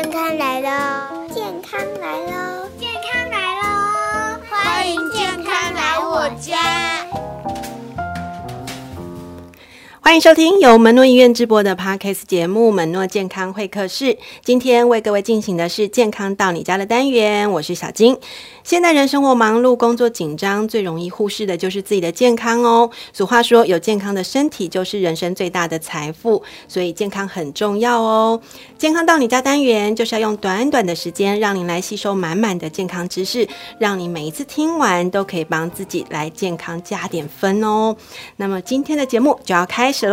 健康來嘍！健康來嘍！健康來嘍！歡迎健康來我家。歡迎收聽由門諾醫院直播的 Podcast 節目《門諾健康會客室》。今天為各位進行的是“健康到你家”的單元，我是小金。現代人生活忙碌，工作緊張，最容易忽視的就是自己的健康哦。俗話說：“有健康的身體就是人生最大的財富。”所以健康很重要哦。健康到你家單元就是要用短短的時間，讓你來吸收滿滿的健康知識，讓你每一次聽完都可以幫自己來健康加點分哦。那麼今天的節目就要開始。嘍，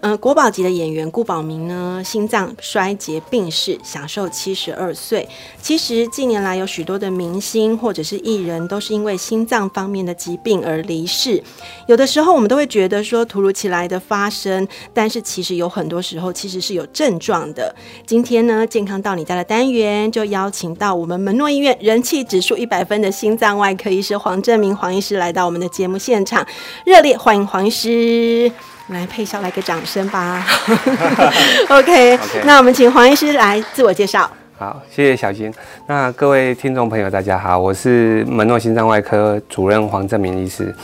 呃、嗯，國寶級的演員顧寶明呢，心臟衰竭病逝，享壽七十二歲。其實近年來有許多的明星或者是藝人都是因為心臟方面的疾病而離世。有的時候我們都會覺得說突如其來的發生，但是其實有很多時候其實是有症狀的。今天呢，健康到你家的單元就邀請到我們門諾醫院人氣指數一百分的心臟外科醫師黃振銘黃醫師來到我們的節目現場，熱烈歡迎黃醫師。來，配少來個掌聲吧。OK，那我們請黃醫師來自我介紹。好，謝謝小新。那各位聽眾朋友，大家好，我是門諾心臟外科主任黃振銘醫師。是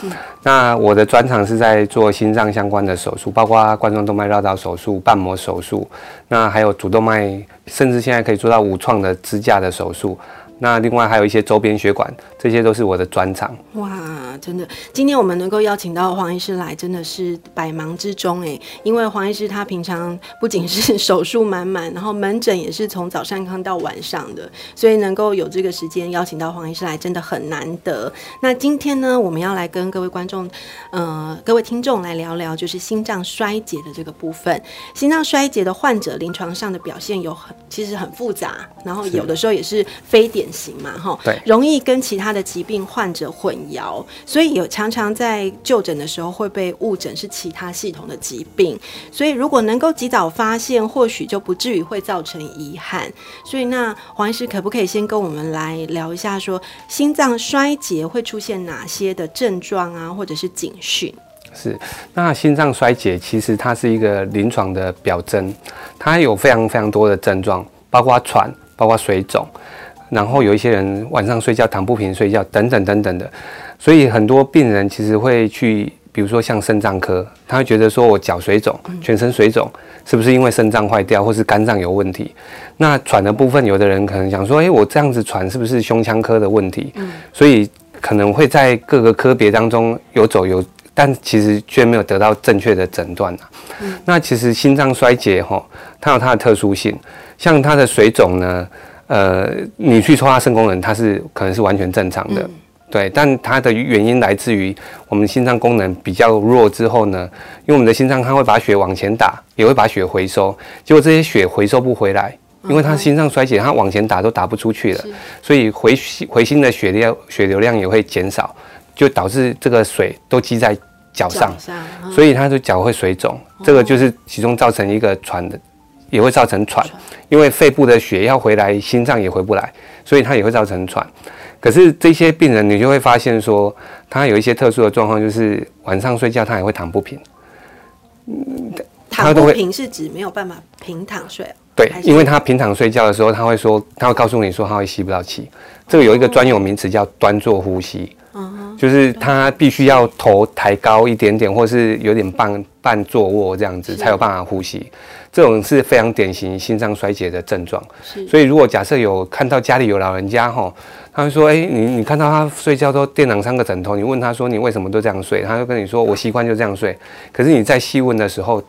那我的專長是在做心臟相關的手術，包括冠狀動脈繞道手術、瓣膜手術，那還有主動脈，甚至現在可以做到無創的支架的手術。那另外還有一些周邊血管，這些都是我的專長。哇，真的，今天我們能夠邀請到黃醫師來，真的是百忙之中誒。因為黃醫師他平常不僅是手術滿滿，然後門診也是從早上看到晚上的，所以能夠有這個時間邀請到黃醫師來，真的很難得。那今天呢，我們要來跟各位觀眾，呃，各位聽眾來聊聊，就是心臟衰竭的這個部分。心臟衰竭的患者臨床上的表現有很，其實很複雜，然後有的時候也是非典。行嘛，哈，對，容易跟其他的疾病患者混淆，所以有常常在就診的時候會被誤診是其他系統的疾病，所以如果能夠及早發現，或許就不至於會造成遺憾。所以那黃醫師可不可以先跟我們來聊一下說，說心臟衰竭會出現哪些的症狀啊，或者是警訊？是，那心臟衰竭其實它是一個臨床的表徵，它有非常非常多的症狀，包括喘，包括水腫。然後有一些人晚上睡覺躺不平，睡覺等等等等的，所以很多病人其實會去，比如說像腎臟科，他會覺得說，我腳水腫、全身水腫，是不是因為腎臟壞掉或是肝臟有問題？那喘的部分，有的人可能想說，哎，我這樣子喘是不是胸腔科的問題？所以可能會在各個科別當中有走有，但其實卻沒有得到正確的診斷啊。那其實心臟衰竭齁，它有它的特殊性，像它的水腫呢。呃，你去抽他腎功能，他是可能是完全正常的，嗯、對，但它的原因來自於我們心臟功能比較弱之後呢，因為我們的心臟它會把血往前打，也會把血回收，結果這些血回收不回來，因為它心臟衰竭，它往前打都打不出去了，嗯、所以回回心的血量血流量也會減少，就導致這個水都積在腳上，腳上嗯、所以它的腳會水腫，這個就是其中造成一個喘的。也會造成喘，因為肺部的血要回來，心臟也回不來，所以他也會造成喘。可是這些病人，你就會發現說，他有一些特殊的狀況，就是晚上睡覺他也會躺不平。嗯，躺不平是指沒有辦法平躺睡，對，是因為他平躺睡覺的時候，他會說，他會告訴你說，他會吸不到氣。這個有一個專有名詞叫端坐呼吸。嗯。就是他必須要頭抬高一點點，是或是有點半是半坐臥這樣子，是才有辦法呼吸。這種是非常典型心臟衰竭的症狀。是所以如果假設有看到家裡有老人家，哈，他會說，誒、欸，你你看到他睡覺都墊兩三個枕頭，你問他說你為什麼都這樣睡，他就跟你說我習慣就這樣睡。可是你在細問的時候，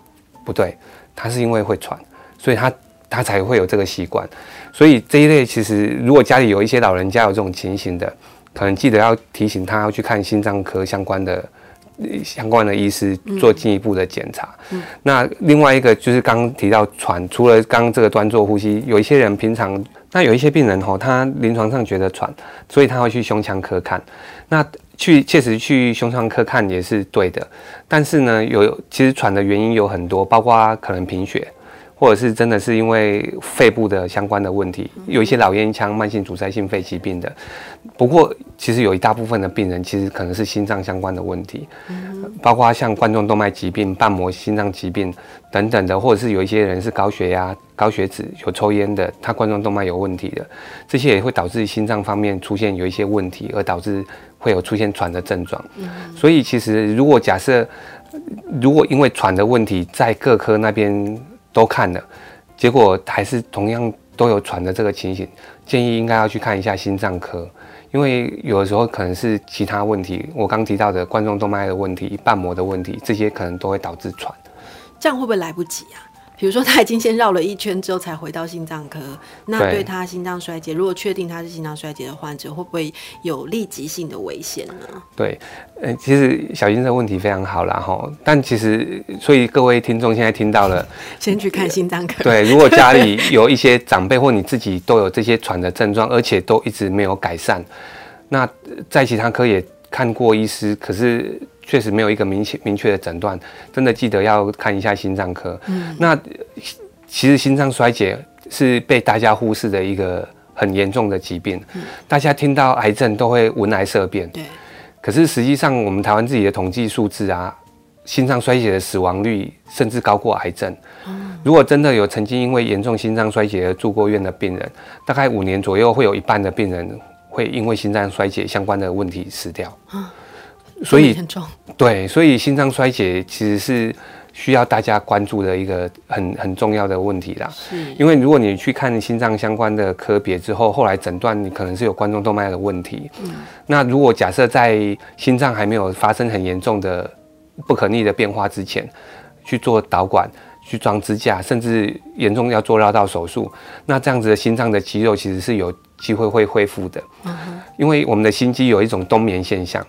不對，他是因為會喘，所以他他才會有這個習慣。所以這一類其實如果家裡有一些老人家有這種情形的。可能記得要提醒他要去看心臟科相關的相關的醫師做進一步的檢查。嗯嗯、那另外一個就是剛剛提到喘，除了剛剛這個端坐呼吸，有一些人平常那有一些病人吼，他臨床上覺得喘，所以他會去胸腔科看。那去確實去胸腔科看也是對的，但是呢，有其實喘的原因有很多，包括他可能貧血。或者是真的是因為肺部的相關的問題，嗯、哼有一些老菸槍、慢性阻塞性肺疾病的。不過，其實有一大部分的病人其實可能是心臟相關的問題，嗯、哼包括像冠狀動脈疾病、瓣膜心臟疾病等等的，或者是有一些人是高血壓、高血脂、有抽菸的，他冠狀動脈有問題的，這些也會導致心臟方面出現有一些問題，而導致會有出現喘的症狀。嗯、哼所以，其實如果假設，如果因為喘的問題在各科那邊。都看了，結果還是同樣都有喘的這個情形，建議應該要去看一下心臟科，因為有的時候可能是其他問題。我剛提到的冠狀動脈的問題、瓣膜的問題，這些可能都會導致喘。這樣會不會來不及啊？比如說，他已經先繞了一圈之後才回到心臟科，那對他心臟衰竭，如果確定他是心臟衰竭的患者，會不會有立即性的危險呢？對，嗯、欸，其實小英這個問題非常好啦哈，但其實所以各位聽眾現在聽到了，先去看心臟科。對，對，如果家裡有一些長輩或你自己都有這些喘的症狀， 而且都一直沒有改善，那在其他科也看過醫師，可是確實沒有一個明確明確的診斷。真的記得要看一下心臟科。嗯，那其實心臟衰竭是被大家忽視的一個很嚴重的疾病。嗯，大家聽到癌症都會聞癌色變。對，可是實際上我們台灣自己的統計數字啊，心臟衰竭的死亡率甚至高過癌症。嗯，如果真的有曾經因為嚴重心臟衰竭而住過院的病人，大概五年左右會有一半的病人，會因為心臟衰竭相關的問題死掉，所以對，所以心臟衰竭其實是需要大家關注的一個很很重要的問題啦。是，因為如果你去看心臟相關的科別之後，後來診斷你可能是有冠狀動脈的問題，那如果假設在心臟還沒有發生很嚴重的不可逆的變化之前去做導管。去裝支架，甚至嚴重要做繞道手術，那這樣子的心臟的肌肉其實是有機會會恢復的，uh huh. 因為我們的心肌有一種冬眠現象，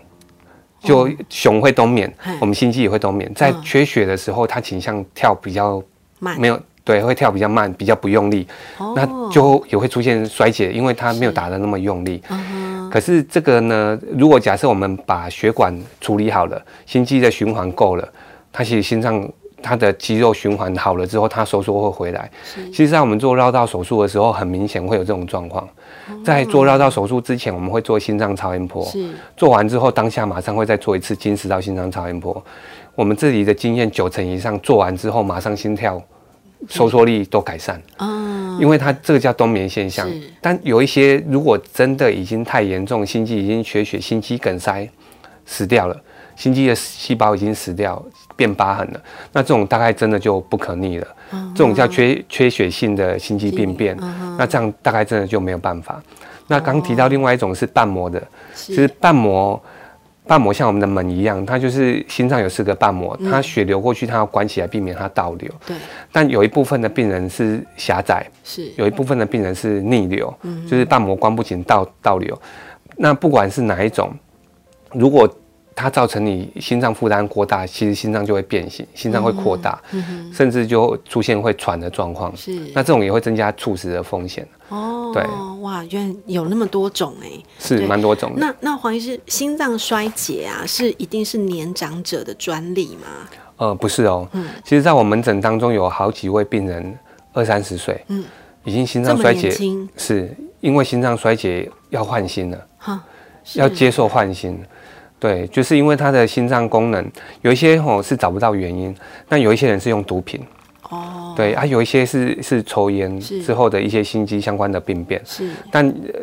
就熊會冬眠，uh huh. 我們心肌也會冬眠。在缺血的時候，它傾向跳比較慢，沒有、uh huh. 對，會跳比較慢，比較不用力，uh huh. 那就也會出現衰竭，因為它沒有打得那麼用力。Uh huh. 可是這個呢，如果假設我們把血管處理好了，心肌的循環夠了，它其實心臟，它的肌肉循環好了之後，它收縮會回來。是其實，在我們做繞道手術的時候，很明顯會有這種狀況。在做繞道手術之前，哦、我們會做心臟超音波，是做完之後，當下馬上會再做一次經食道心臟超音波。我們自己的經驗，九成以上做完之後，馬上心跳收縮力都改善。嗯，因為它這個叫冬眠現象。是但有一些，如果真的已經太嚴重，心肌已經缺血，血，心肌梗塞死掉了，心肌的細胞已經死掉。變疤痕了，那這種大概真的就不可逆了。Uh huh. 這種叫缺缺血性的心肌病變，uh huh. 那這樣大概真的就沒有辦法。Uh huh. 那剛提到另外一種是瓣膜的，其實瓣膜瓣膜像我們的門一樣，它就是心臟有四個瓣膜，嗯、它血流過去它要關起來，避免它倒流。對。但有一部分的病人是狹窄，是有一部分的病人是逆流，嗯、就是瓣膜關不緊倒倒流。那不管是哪一種，如果它造成你心臟負擔過大，其實心臟就會變形，心臟會擴大，甚至就出現會喘的狀況。是，那這種也會增加猝死的風險。哦，對，哇，原來有那麼多種哎，是蠻多種。那那黃醫師，心臟衰竭啊，是一定是年長者的專利嗎？呃，不是哦，嗯，其實在我門診當中，有好幾位病人二三十歲，嗯，已經心臟衰竭，是因為心臟衰竭要換心了，哈，要接受換心。對，就是因為他的心臟功能有一些吼、哦、是找不到原因，那有一些人是用毒品，哦，對啊，有一些是是抽菸之後的一些心肌相關的病變，是，但、呃、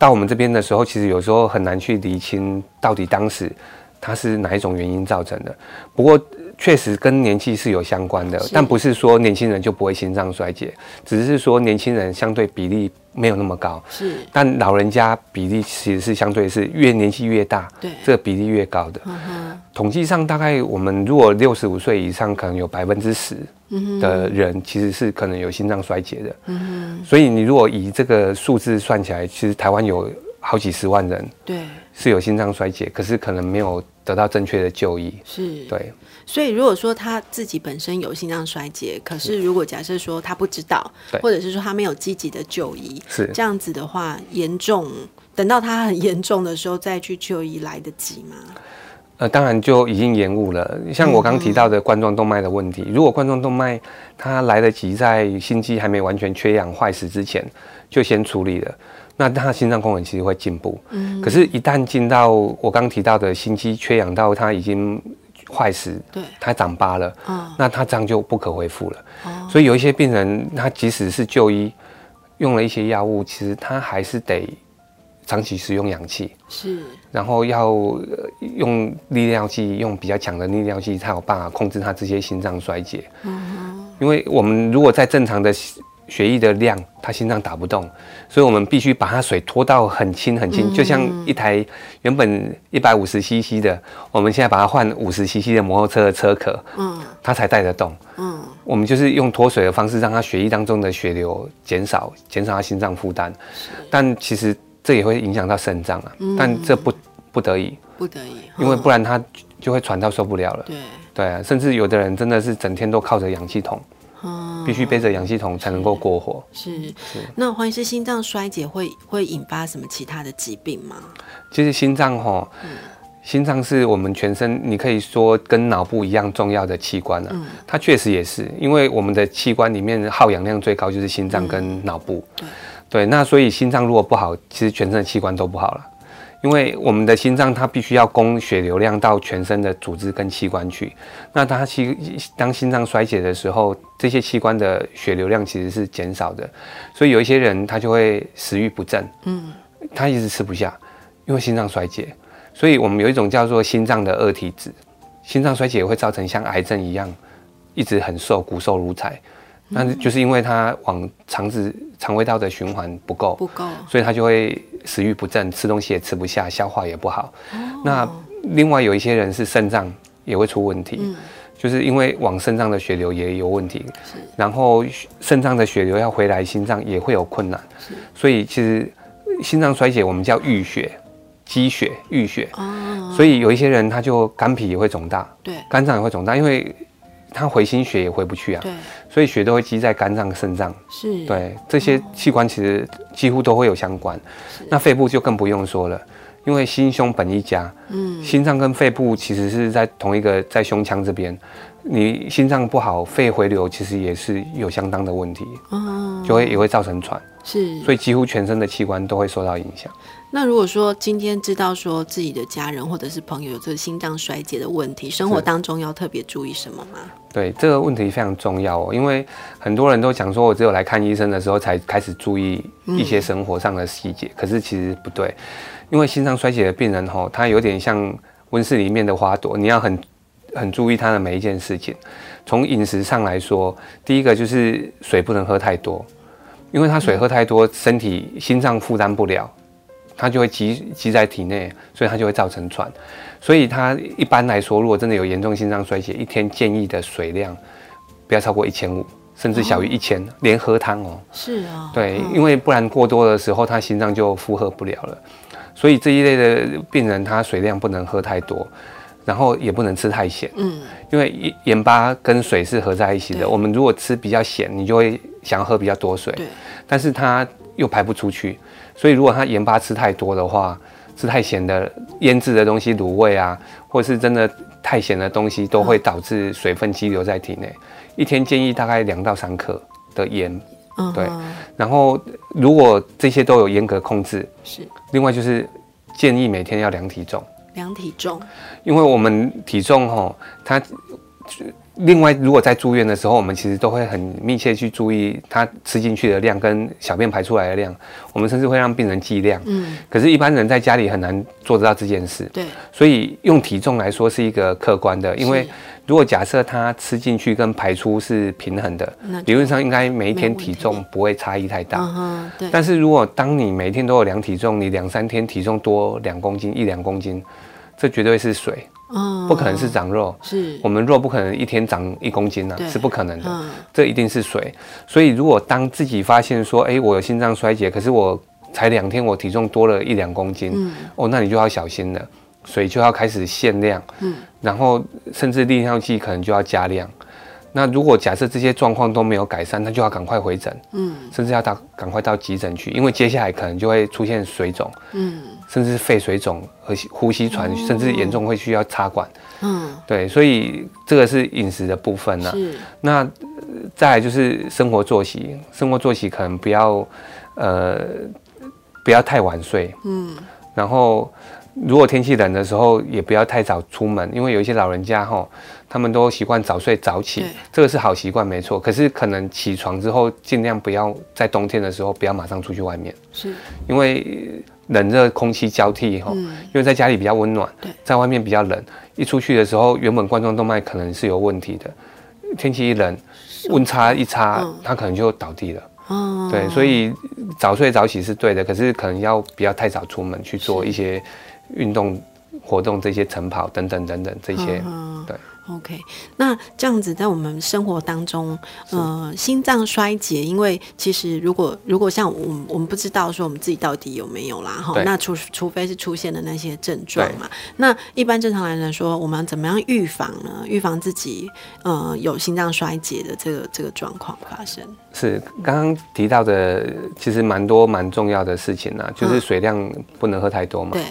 到我們這邊的時候，其實有時候很難去理清到底當時他是哪一種原因造成的，不過。確實跟年紀是有相關的，是但不是說年輕人就不會心臟衰竭，只是說年輕人相對比例沒有那麼高。是，但老人家比例其實是相對是越年紀越大，對這個比例越高的。嗯、哼統計上大概我們如果六十五歲以上，可能有百分之十的人其實是可能有心臟衰竭的。嗯、哼所以你如果以這個數字算起來，其實台灣有。好幾十萬人，對，是有心臟衰竭，對可是可能沒有得到正確的就醫，是對。所以如果說他自己本身有心臟衰竭，是，可是如果假設說他不知道，對或者是說他沒有積極的就醫，是，這樣子的話，嚴重，等到他很嚴重的時候再去就醫來得及嗎？呃，當然就已經延誤了。像我剛提到的冠狀動脈的問題，嗯嗯，如果冠狀動脈它來得及，在心肌還沒完全缺氧壞死之前就先處理了。那他心臟功能其實會進步，嗯，可是，一旦進到我剛提到的心肌缺氧到他已經壞死，對，他長疤了，嗯，那他這樣就不可恢復了。哦，所以有一些病人，他即使是就醫用了一些藥物，其實他還是得長期使用氧氣，是，然後要用利尿劑，用比較強的利尿劑才有辦法控制他這些心臟衰竭。嗯哼，因為我們如果在正常的。血液的量，他心臟打不動，所以我們必須把他水脫到很輕很輕，嗯、就像一台原本一百五十 cc 的，我們現在把它換五十 cc 的摩托車的車殼，嗯，他才帶得動，嗯，我們就是用脫水的方式，讓他血液當中的血流減少，減少他心臟負擔，是但其實這也會影響到腎臟啊，嗯、但這不不得已，不得已，得已因為不然他就會喘到受不了了，對，對啊，甚至有的人真的是整天都靠着氧氣筒。必須背着氧氣筒才能夠過活。是是，是是，那黃醫師，心臟衰竭會會引發什麼其他的疾病嗎？其實心臟哈，嗯、心臟是我們全身，你可以說跟腦部一樣重要的器官了、啊。嗯，它確實也是，因為我們的器官裡面耗氧量最高就是心臟跟腦部。嗯、對，對，那所以心臟如果不好，其實全身的器官都不好了。因為我們的心臟它必須要供血流量到全身的組織跟器官去，那它心當心臟衰竭的時候，這些器官的血流量其實是減少的，所以有一些人他就會食慾不振，他一直吃不下，因為心臟衰竭，所以我們有一種叫做心臟的惡體質，心臟衰竭也會造成像癌症一樣，一直很瘦，骨瘦如柴。但是就是因為他往腸子、腸胃道的循環不夠，不夠夠，所以他就會食慾不振，吃東西也吃不下，消化也不好。哦、那另外有一些人是腎臟也會出問題，嗯、就是因為往腎臟的血流也有問題，是然後腎臟的血流要回來，心臟也會有困難，是所以其實心臟衰竭我們叫淤血、積血、淤血，哦、所以有一些人他就肝脾也會腫大，對，肝臟也會腫大，因為他回心血也回不去啊，對。所以血都會積在肝臟、腎臟是，是對這些器官其實幾乎都會有相關。是那肺部就更不用說了，因為心胸本一家，嗯，心臟跟肺部其實是在同一個在胸腔這邊，你心臟不好，肺回流其實也是有相當的問題，嗯，就會也會造成喘，是，所以幾乎全身的器官都會受到影響。那如果說今天知道說自己的家人或者是朋友有這個心臟衰竭的問題，生活當中要特別注意什麼嗎？對這個問題非常重要哦，因為很多人都想說，我只有來看醫生的時候才開始注意一些生活上的細節，嗯、可是其實不對，因為心臟衰竭的病人吼、哦，他有點像溫室裡面的花朵，嗯、你要很很注意他的每一件事情。從飲食上來說，第一個就是水不能喝太多，因為他水喝太多，嗯、身體心臟負擔不了，它就會積積在體內，所以它就會造成喘。所以它一般來說，如果真的有嚴重心臟衰竭，一天建議的水量不要超過一千五，甚至小於一千，連喝湯哦。是啊。對，嗯、因為不然過多的時候，它心臟就負荷不了了。所以這一類的病人，他水量不能喝太多，然後也不能吃太鹹。嗯。因為鹽巴跟水是合在一起的。對我們如果吃比較鹹，你就會想要喝比較多水。對但是它又排不出去。所以，如果他鹽巴吃太多的話，吃太鹹的醃製的東西、滷味啊，或者是真的太鹹的東西，都會導致水分積留在體內。嗯、一天建議大概兩到三克的鹽，嗯、哼對。然後，如果這些都有嚴格控制，是。另外就是建議每天要量體重，量體重，因為我們體重吼，它。另外，如果在住院的時候，我們其實都會很密切去注意他吃進去的量跟小便排出來的量，我們甚至會讓病人計量。嗯，可是，一般人在家裡很難做得到這件事。對，所以用體重來說是一個客觀的，因為如果假設他吃進去跟排出是平衡的，是理論上應該每一天體重不會差異太大。嗯，但是如果當你每一天都有量體重，你兩三天體重多兩公斤、一兩公斤，這絕對是水。嗯，不可能是長肉，嗯、是我們肉不可能一天長一公斤啊。對是不可能的，嗯、這一定是水。所以如果當自己發現說，哎，我有心臟衰竭，可是我才兩天，我體重多了一兩公斤，嗯、哦，那你就要小心了，水就要開始限量，嗯，然後甚至利尿劑可能就要加量。那如果假設這些狀況都沒有改善，那就要趕快回診，嗯，甚至要到趕快到急診去，因為接下來可能就會出現水腫，嗯。甚至是肺水腫和呼吸喘，甚至嚴重會需要插管。嗯。嗯，對，所以這個是飲食的部分呢、啊。是那、呃、再來就是生活作息，生活作息可能不要，呃，不要太晚睡。嗯。然後，如果天氣冷的時候，也不要太早出門，因為有一些老人家齁，他們都習慣早睡早起，欸、這個是好習慣，沒錯。可是可能起床之後，盡量不要在冬天的時候不要馬上出去外面。是。因為。冷熱空氣交替以後，因為在家裡比較溫暖，嗯、在外面比較冷，對一出去的時候，原本冠狀動脈可能是有問題的，天氣一冷，溫差一差，嗯、它可能就倒地了，嗯、對，所以早睡早起是對的，可是可能要不要太早出門去做一些運動活動，這些晨跑等等等等這些，是對。OK，那這樣子在我們生活當中，是呃，心臟衰竭，因為其實如果如果像我們我們不知道說我們自己到底有沒有啦，哈對，那除除非是出現了那些症狀嘛，對那一般正常來說，我們要怎麼樣預防呢？預防自己呃有心臟衰竭的這個這個狀況發生，是剛剛提到的，其實蠻多蠻重要的事情呢，就是水量不能喝太多嘛，嗯、對。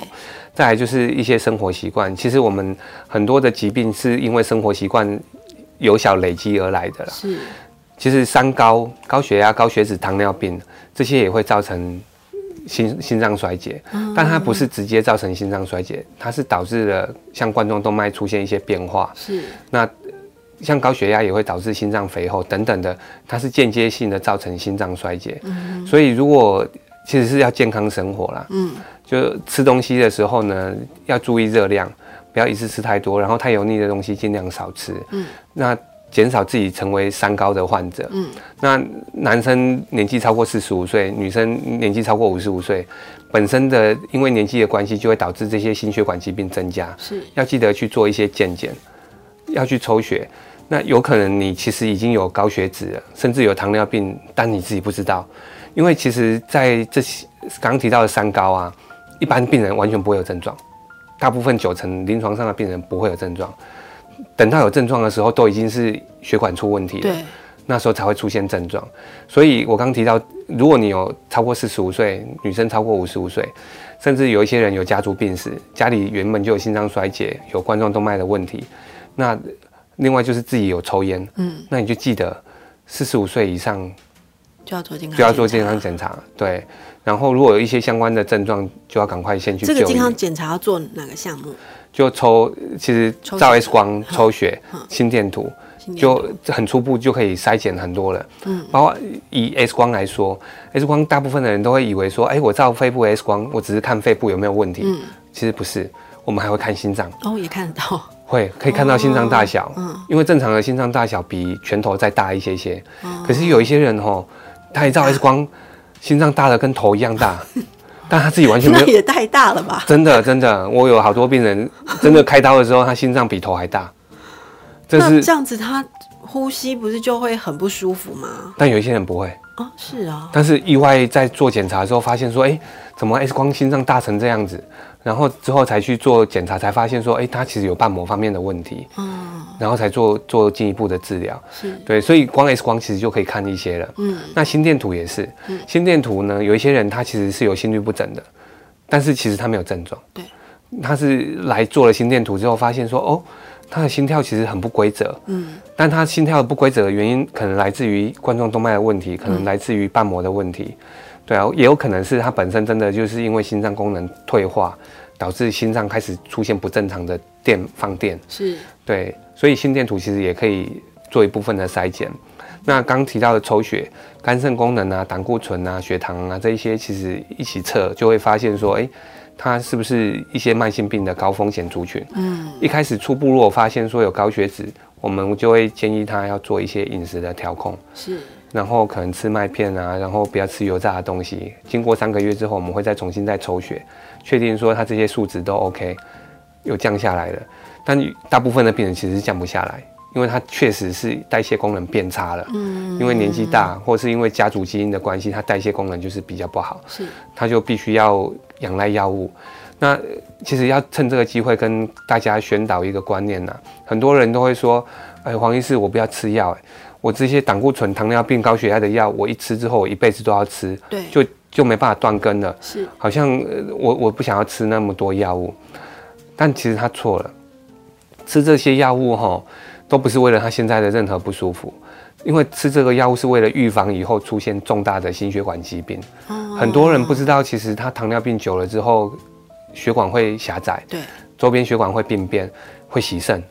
再來就是一些生活習慣，其實我們很多的疾病是因為生活習慣有小累積而來的了。是,其實三高、高血壓、高血脂、糖尿病這些也會造成心心臟衰竭,嗯，但它不是直接造成心臟衰竭,嗯，它是導致了像冠狀動脈出現一些變化。是,那像高血壓也會導致心臟肥厚等等的,它是間接性的造成心臟衰竭。嗯，所以如果其實是要健康生活啦，嗯，就吃東西的時候呢，要注意熱量，不要一次吃太多，然後太油膩的東西盡量少吃，嗯，那減少自己成為三高的患者，嗯，那男生年紀超過四十五歲，女生年紀超過五十五歲，本身的因為年紀的關係，就會導致這些心血管疾病增加，是，要記得去做一些健檢，要去抽血。那有可能你其實已經有高血脂了，甚至有糖尿病，但你自己不知道，因為其實在這些剛剛提到的三高啊，一般病人完全不會有症狀，大部分九成臨床上的病人不會有症狀，等到有症狀的時候，都已經是血管出問題了，對那時候才會出現症狀。所以，我剛剛提到，如果你有超過四十五歲，女生超過五十五歲，甚至有一些人有家族病史，家裡原本就有心臟衰竭、有冠狀動脈的問題，那。另外就是自己有抽煙，嗯，那你就記得，四十五歲以上就要做健康，就要做健康檢查，對。然後如果有一些相關的症狀，就要趕快先去。這個健康檢查要做哪個項目？就抽，其實照 X 光、抽血、心電圖，就很初步就可以篩檢很多了。嗯，包括以 X 光來說，X 光大部分的人都會以為說，哎，我照肺部 X 光，我只是看肺部有沒有問題。嗯，其實不是，我們還會看心臟。哦，也看得到。會可以看到心臟大小，哦、嗯，因為正常的心臟大小比拳頭再大一些些，哦、可是有一些人吼、哦，他一照 X 光，心臟大的跟頭一樣大，啊、但他自己完全沒有也太大了吧？真的真的，我有好多病人，真的開刀的時候， 他心臟比頭還大，這是，那這樣子，他呼吸不是就會很不舒服嗎？但有一些人不會啊、哦，是啊，但是意外在做檢查的時候發現說，哎，怎麼 X 光心臟大成這樣子？然後之後才去做檢查，才發現說，哎，他其實有瓣膜方面的問題，嗯，然後才做做進一步的治療，是對，所以光 X 光其實就可以看一些了，嗯，那心電圖也是，嗯，心電圖呢，有一些人他其實是有心律不整的，但是其實他沒有症狀，對，他是來做了心電圖之後發現說，哦，他的心跳其實很不規則，嗯，但他心跳的不規則的原因可能來自於冠狀動脈的問題，可能來自於瓣膜的問題。嗯對啊，也有可能是他本身真的就是因為心臟功能退化，導致心臟開始出現不正常的電放電。是，對，所以心電圖其實也可以做一部分的篩檢。那剛提到的抽血、肝腎功能啊、膽固醇啊、血糖啊這一些，其實一起測就會發現說，誒，他是不是一些慢性病的高風險族群？嗯，一開始初步如果發現說有高血脂，我們就會建議他要做一些飲食的調控。是。然後可能吃麥片啊，然後不要吃油炸的東西。經過三個月之後，我們會再重新再抽血，確定說他這些數值都 OK，有降下來了。但大部分的病人其實是降不下來，因為他確實是代謝功能變差了。嗯，因為年紀大，或是因為家族基因的關係，他代謝功能就是比較不好。是，他就必須要仰賴藥物。那其實要趁這個機會跟大家宣導一個觀念呢啊，很多人都會說。哎，黃醫師，我不要吃藥，我這些膽固醇、糖尿病、高血壓的藥，我一吃之後，我一輩子都要吃，對，就就沒辦法斷根了。是，好像我我不想要吃那麼多藥物，但其實他錯了，吃這些藥物吼都不是為了他現在的任何不舒服，因為吃這個藥物是為了預防以後出現重大的心血管疾病。嗯，嗯，很多人不知道，其實他糖尿病久了之後，血管會狹窄，對，周邊血管會病變，會洗腎。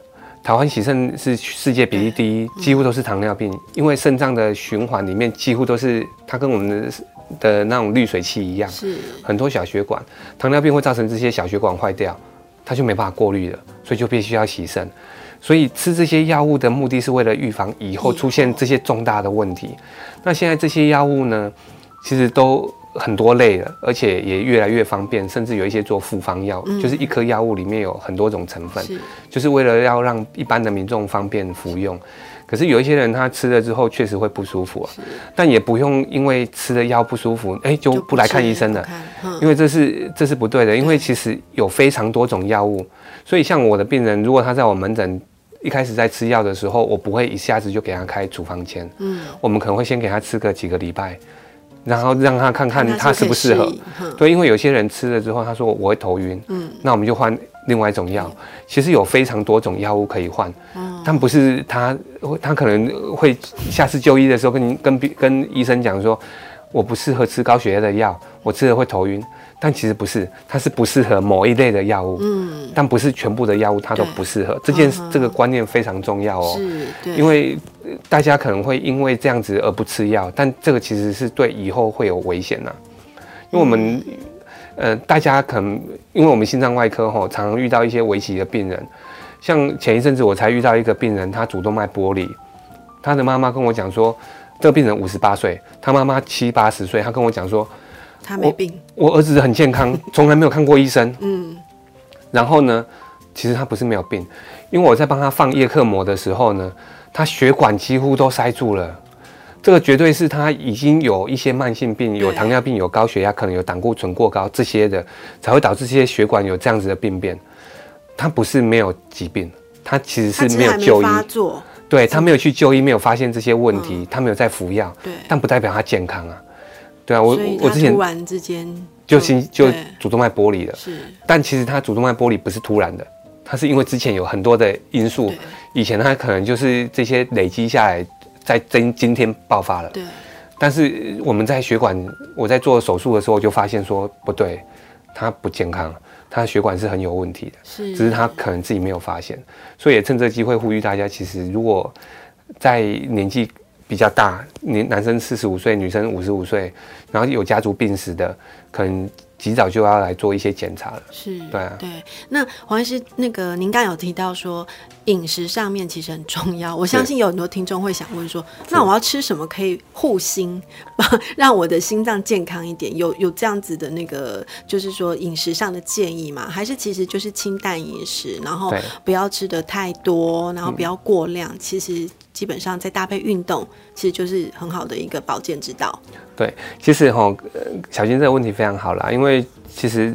台灣洗腎是世界比例第一，幾乎都是糖尿病，因為腎臟的循環裡面幾乎都是它，跟我們的的那種濾水器一樣，是很多小血管，糖尿病會造成這些小血管壞掉，它就沒辦法過濾了，所以就必須要洗腎。所以吃這些藥物的目的是為了預防以後出現這些重大的問題。那現在這些藥物呢，其實都。很多類的，而且也越來越方便，甚至有一些做複方藥，嗯、就是一顆藥物裡面有很多種成分，是就是為了要讓一般的民眾方便服用。是可是有一些人他吃了之後確實會不舒服。是但也不用因為吃了藥不舒服，哎、欸、就不來看醫生了，因為這是這是不對的。嗯、因為其實有非常多種藥物，對所以像我的病人，如果他在我門診一開始在吃藥的時候，我不會一下子就給他開處方箋，嗯，我們可能會先給他吃個幾個禮拜。然後讓他看看他適不適合，對，因為有些人吃了之後，他說我會頭暈，嗯，那我們就換另外一種藥。其實有非常多種藥物可以換，嗯，但不是他，他可能會下次就醫的時候跟跟跟醫生講說。我不適合吃高血壓的藥，我吃了會頭暈。但其實不是，它是不適合某一類的藥物。嗯，但不是全部的藥物它都不適合。對這件呵呵這個觀念非常重要哦，是，對。因為大家可能會因為這樣子而不吃藥，但這個其實是對以後會有危險吶、啊。因為我們，嗯、呃，大家可能因為我們心臟外科吼、哦，常常遇到一些危急的病人。像前一陣子我才遇到一個病人，他主動脈剝離，他的媽媽跟我講說。這個病人五十八歲，他媽媽七八十歲。他跟我講說，他沒病。我，我兒子很健康，從來沒有看過醫生。 嗯，然後呢，其實他不是沒有病，因為我在幫他放葉克膜的時候呢，他血管幾乎都塞住了。這個絕對是他已經有一些慢性病，有糖尿病、有高血壓，可能有膽固醇過高這些的，才會導致這些血管有這樣子的病變。他不是沒有疾病，他其實是沒有就醫。對，他沒有去就醫，沒有發現這些問題，嗯、他沒有在服藥，對但不代表他健康啊。對啊，我突然之間我之前就心對就主動脈剝離了，是，對。但其實他主動脈剝離不是突然的，他是因為之前有很多的因素，對以前他可能就是這些累積下來，在今今天爆發了。對。但是我們在血管，我在做手術的時候就發現說不對，他不健康了他的血管是很有問題的，是，只是他可能自己沒有發現，所以也趁這個機會呼籲大家，其實如果在年紀比較大，年男生四十五歲，女生五十五歲，然後有家族病史的，可能。及早就要來做一些檢查了，是，對啊，對。那黃醫師，那個您剛有提到說飲食上面其實很重要，我相信有很多聽眾會想問說，對那我要吃什麼可以護心，對讓我的心臟健康一點？有有這樣子的那個，就是說飲食上的建議嗎？還是其實就是清淡飲食，然後不要吃得太多，然後不要過量？其實。基本上再搭配運動，其實就是很好的一個保健之道。對，其實齁，小金這個問題非常好啦，因為其實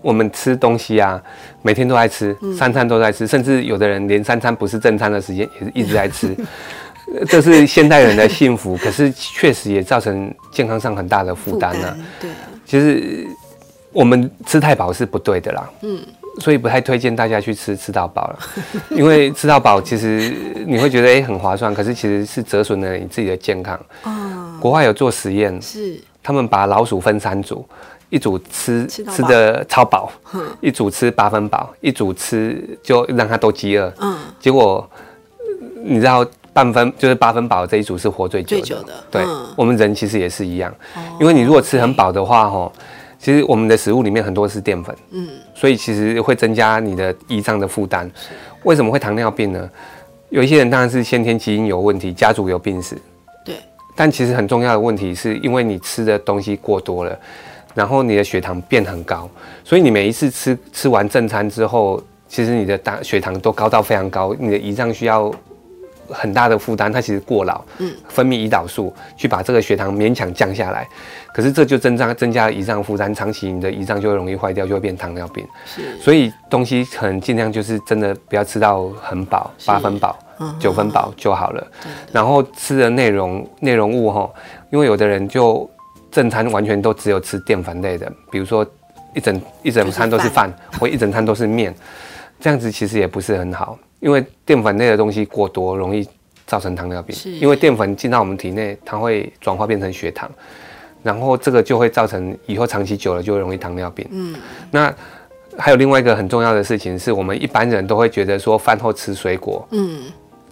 我們吃東西啊，每天都在吃，嗯、三餐都在吃，甚至有的人連三餐不是正餐的時間也是一直在吃， 這是現代人的幸福， 可是確實也造成健康上很大的負擔呢。對，其實我們吃太飽是不對的啦。嗯。所以不太推薦大家去吃吃到飽了，因為吃到飽其實你會覺得哎很划算，可是其實是折損了你自己的健康。嗯，國外有做實驗，是他們把老鼠分三組，一組吃吃的超飽，一組吃八分飽，一組吃就讓它都飢餓。嗯，結果你知道半分就是八分飽這一組是活最久的。最久的。對，我們人其實也是一樣，因為你如果吃很飽的話，其實我們的食物裡面很多是澱粉，嗯，所以其實會增加你的胰臟的負擔。是為什麼會糖尿病呢？有一些人當然是先天基因有問題，家族有病史，對。但其實很重要的問題是因為你吃的東西過多了，然後你的血糖變很高，所以你每一次吃吃完正餐之後，其實你的大血糖都高到非常高，你的胰臟需要，很大的負擔，它其實過勞，嗯，分泌胰島素、嗯、去把這個血糖勉強降下來，可是這就增加增加了胰臟負擔，長期你的胰臟就會容易壞掉，就會變糖尿病。是所以東西可能盡量就是真的不要吃到很飽，八是分飽、九是分飽就好了。嗯嗯嗯，然後吃的內容內容物哈，因為有的人就正餐完全都只有吃澱粉類的，比如說一整一整餐都是飯，是飯或者一整餐都是麵， 這樣子其實也不是很好。因為澱粉類的東西過多，容易造成糖尿病。是，因為澱粉進到我們體內，它會轉化變成血糖，然後這個就會造成以後長期久了就會容易糖尿病。嗯，那還有另外一個很重要的事情，是我們一般人都會覺得說飯後吃水果，嗯，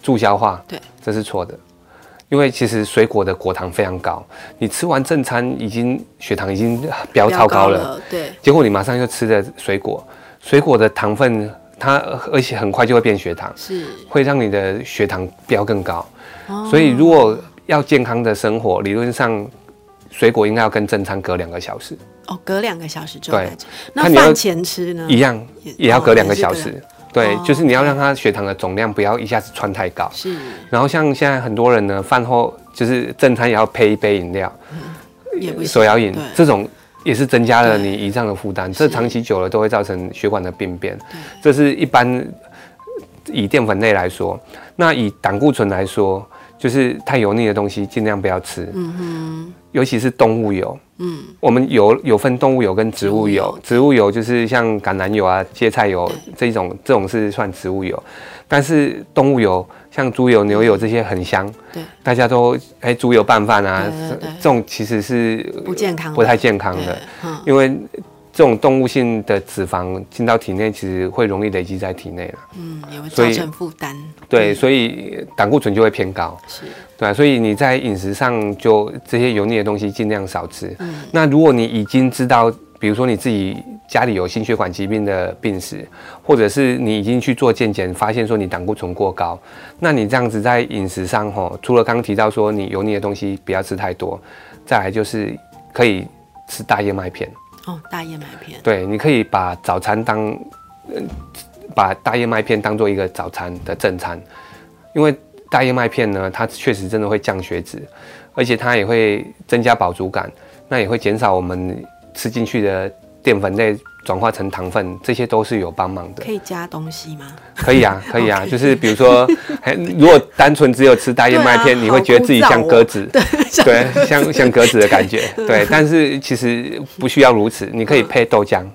助消化，對，這是錯的。因為其實水果的果糖非常高，你吃完正餐已經血糖已經飆超高了，高了對，結果你馬上就吃了水果，水果的糖分。它而且很快就會變血糖，是會讓你的血糖飆更高。所以如果要健康的生活，理論上水果應該要跟正餐隔兩個小時。哦，隔兩個小時。對。那飯前吃呢？一樣也要隔兩個小時。對，就是你要讓它血糖的總量不要一下子竄太高。是。然後像現在很多人呢，飯後就是正餐也要配一杯飲料，手搖飲這種。也是增加了你胰臟的負擔，這長期久了都會造成血管的病變。對這是一般以澱粉類來說，那以膽固醇來說，就是太油膩的東西盡量不要吃。嗯、哼尤其是動物油。嗯，我們有有分動物油跟植物油，植物油，植物油就是像橄欖油啊、芥菜油，對這種，這種是算植物油，但是動物油像豬油、嗯、牛油，這些很香，對大家都哎、欸、豬油拌飯啊，對對對，這種其實是不健康的、不太健康的，嗯、因為。這種動物性的脂肪進到體內，其實會容易累積在體內了。嗯，也會造成負擔。對，所以膽固醇就會偏高。是、嗯，對，所以你在飲食上就這些油膩的東西盡量少吃。嗯，那如果你已經知道，比如說你自己家裡有心血管疾病的病史，或者是你已經去做健檢發現說你膽固醇過高，那你這樣子在飲食上，吼，除了剛剛提到說你油膩的東西不要吃太多，再來就是可以吃大燕麥片。哦，大燕麥片。對，你可以把早餐當，嗯，把大燕麥片當做一個早餐的正餐，因為大燕麥片呢，它確實真的會降血脂，而且它也會增加飽足感，那也會減少我們吃進去的澱粉類。轉化成糖分，這些都是有幫忙的。可以加東西嗎？可以啊，可以啊，就是比如說，如果單純只有吃大燕麥片，你會覺得自己像鴿子，對，像像鴿子的感覺，對。但是其實不需要如此，你可以配豆漿。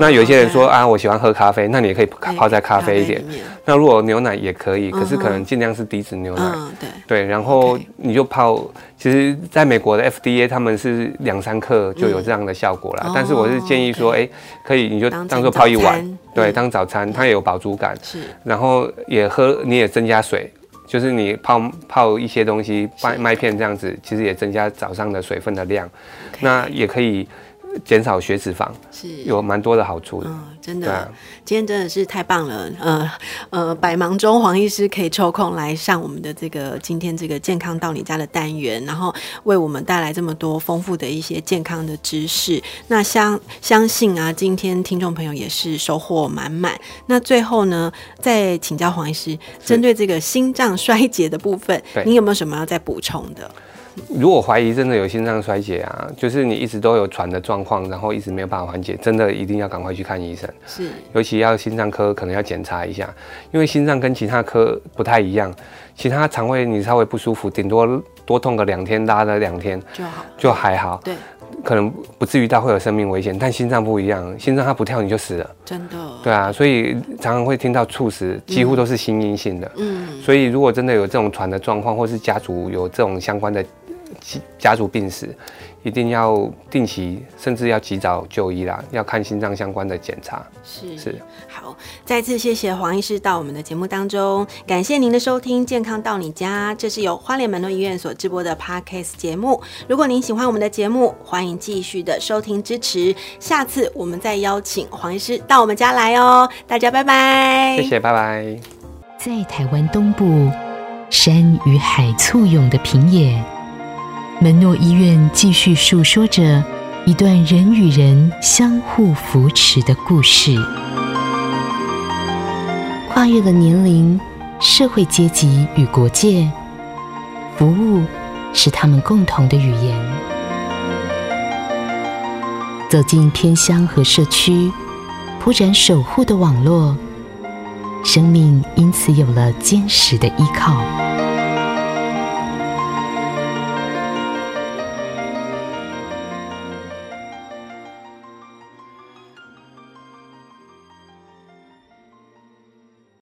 那有些人說啊，我喜歡喝咖啡，那你也可以泡在咖啡一點。那如果牛奶也可以，可是可能盡量是低脂牛奶。對，然後你就泡，其實在美國的 FDA 他們是兩三克就有這樣的效果了。但是我是建議說，哎，可以你就當做泡一碗，對，當早餐它也有飽足感，是。然後也喝你也增加水，就是你泡泡一些東西麥麥片這樣子，其實也增加早上的水分的量。那也可以。減少血脂肪是，有蠻多的好處的，嗯，真的，啊、今天真的是太棒了。呃呃，百忙中黃醫師可以抽空來上我們的這個今天這個健康到你家的單元，然後為我們帶來這麼多豐富的一些健康的知識。那相相信啊，今天聽眾朋友也是收穫滿滿。那最後呢，再請教黃醫師，針是對這個心臟衰竭的部分，對你有沒有什麼要再補充的？如果懷疑真的有心臟衰竭啊，就是你一直都有喘的狀況，然後一直沒有辦法緩解，真的一定要趕快去看醫生。是，尤其要心臟科，可能要檢查一下，因為心臟跟其他科不太一樣。其他腸胃你稍微不舒服，頂多多痛個兩天，拉了兩天就好，就還好。對，可能不至於到會有生命危險，但心臟不一樣，心臟它不跳你就死了。真的。對啊，所以常常會聽到猝死，幾乎都是心因性的。嗯。所以如果真的有這種喘的狀況，或是家族有這種相關的。家族病史，一定要定期，甚至要及早就醫啦，要看心臟相關的檢查。是是，是好，再次謝謝黃醫師到我們的節目當中，感謝您的收聽《健康到你家》，這是由花蓮門諾醫院所製播的 Podcast 節目。如果您喜歡我們的節目，歡迎繼續的收聽支持，下次我們再邀請黃醫師到我們家來哦，大家拜拜，謝謝，拜拜。在台灣東部，山與海簇擁的平野。門諾醫院繼續述說着一段人與人相互扶持的故事，跨越了年齡、社會階級與國界，服務是他們共同的語言。走進偏鄉和社區，鋪展守護的網絡，生命因此有了堅實的依靠。